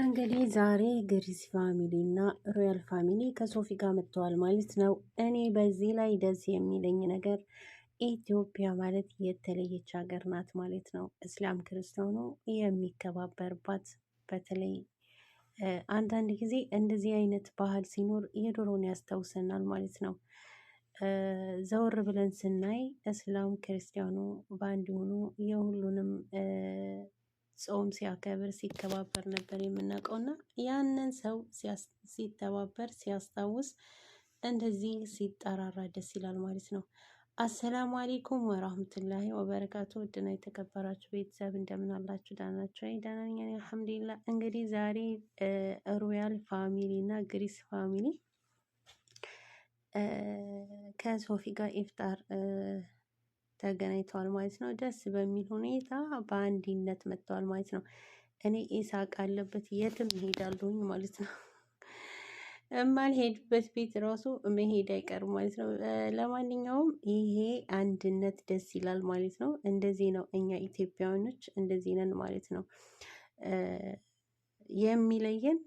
እንግዲህ ዛሬ ግሪስ ፋሚሊ እና ሮያል ፋሚሊ ከሶፊ ጋር መጥተዋል ማለት ነው። እኔ በዚህ ላይ ደስ የሚለኝ ነገር ኢትዮጵያ ማለት የተለየች ሀገር ናት ማለት ነው። እስላም ክርስቲያኑ የሚከባበርባት በተለይ አንዳንድ ጊዜ እንደዚህ አይነት ባህል ሲኖር የዶሮን ያስታውሰናል ማለት ነው። ዘወር ብለን ስናይ እስላም ክርስቲያኑ በአንድ ሆኖ የሁሉ ጾም ሲያከብር ሲከባበር ነበር የምናውቀው እና ያንን ሰው ሲተባበር ሲያስታውስ እንደዚህ ሲጠራራ ደስ ይላል ማለት ነው። አሰላሙ አሌይኩም ወራህመቱላሂ ወበረካቱ። ውድና የተከበራችሁ ቤተሰብ እንደምን አላችሁ? ዳናችሁ ወይ? ደህና ነኝ እንግዲህ ዛሬ ሮያል ፋሚሊ እና ግሪስ ፋሚሊ ከሶፊ ጋር ኢፍጣር ተገናኝተዋል ማለት ነው። ደስ በሚል ሁኔታ በአንድነት መጥተዋል ማለት ነው። እኔ ኢሳቅ አለበት የትም ሄዳለሁኝ ማለት ነው። የማልሄድበት ቤት ራሱ መሄድ አይቀርም ማለት ነው። ለማንኛውም ይሄ አንድነት ደስ ይላል ማለት ነው። እንደዚህ ነው እኛ ኢትዮጵያውያኖች እንደዚህ ነን ማለት ነው። የሚለየን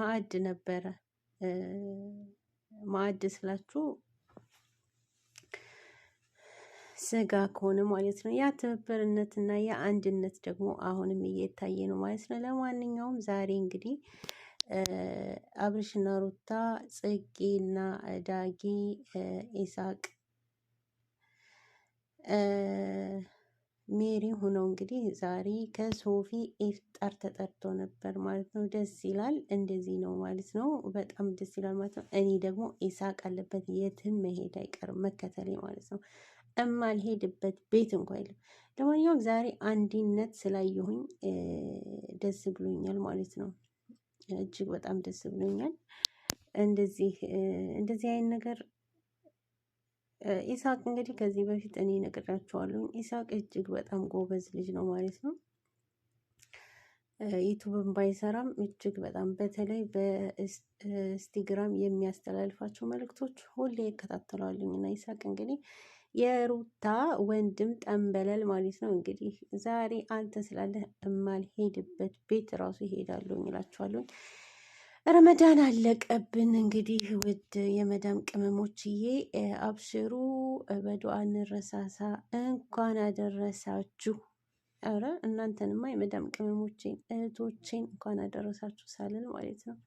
ማዕድ ነበረ። ማዕድ ስላችሁ ስጋ ከሆነ ማለት ነው። ያ እና ያ አንድነት ደግሞ አሁንም እየታየ ነው ማለት ነው። ለማንኛውም ዛሬ እንግዲህ አብርሽና ሩታ፣ ጽጌና ዳጊ፣ ኢሳቅ፣ ሜሪ ሆነው እንግዲህ ዛሬ ከሶፊ ኢፍጣር ተጠርቶ ነበር ማለት ነው። ደስ ይላል። እንደዚህ ነው ማለት ነው። በጣም ደስ ይላል ማለት ነው። እኔ ደግሞ ኢሳቅ አለበት የትም መሄድ አይቀርም መከተሌ ማለት ነው። እማልሄድበት ቤት እንኳ የለም። ለማንኛውም ዛሬ አንድነት ስላየሁኝ ደስ ብሎኛል ማለት ነው። እጅግ በጣም ደስ ብሎኛል። እንደዚህ እንደዚህ አይነት ነገር ኢሳቅ እንግዲህ ከዚህ በፊት እኔ ነግራቸዋለሁ። ኢሳቅ እጅግ በጣም ጎበዝ ልጅ ነው ማለት ነው። ዩቱብን ባይሰራም እጅግ በጣም በተለይ በኢንስታግራም የሚያስተላልፋቸው መልእክቶች ሁሌ ይከታተላሉኝ እና ኢሳቅ እንግዲህ የሩታ ወንድም ጠንበለል ማለት ነው እንግዲህ ዛሬ አንተ ስላለህ እማልሄድበት ቤት ራሱ ይሄዳሉ እላችኋለሁ። ረመዳን አለቀብን። እንግዲህ ውድ የመዳም ቅመሞችዬ አብሽሩ፣ በዱዓ እንረሳሳ። እንኳን አደረሳችሁ። ኧረ እናንተንማ የመዳም ቅመሞችን እህቶቼን እንኳን አደረሳችሁ ሳልን ማለት ነው።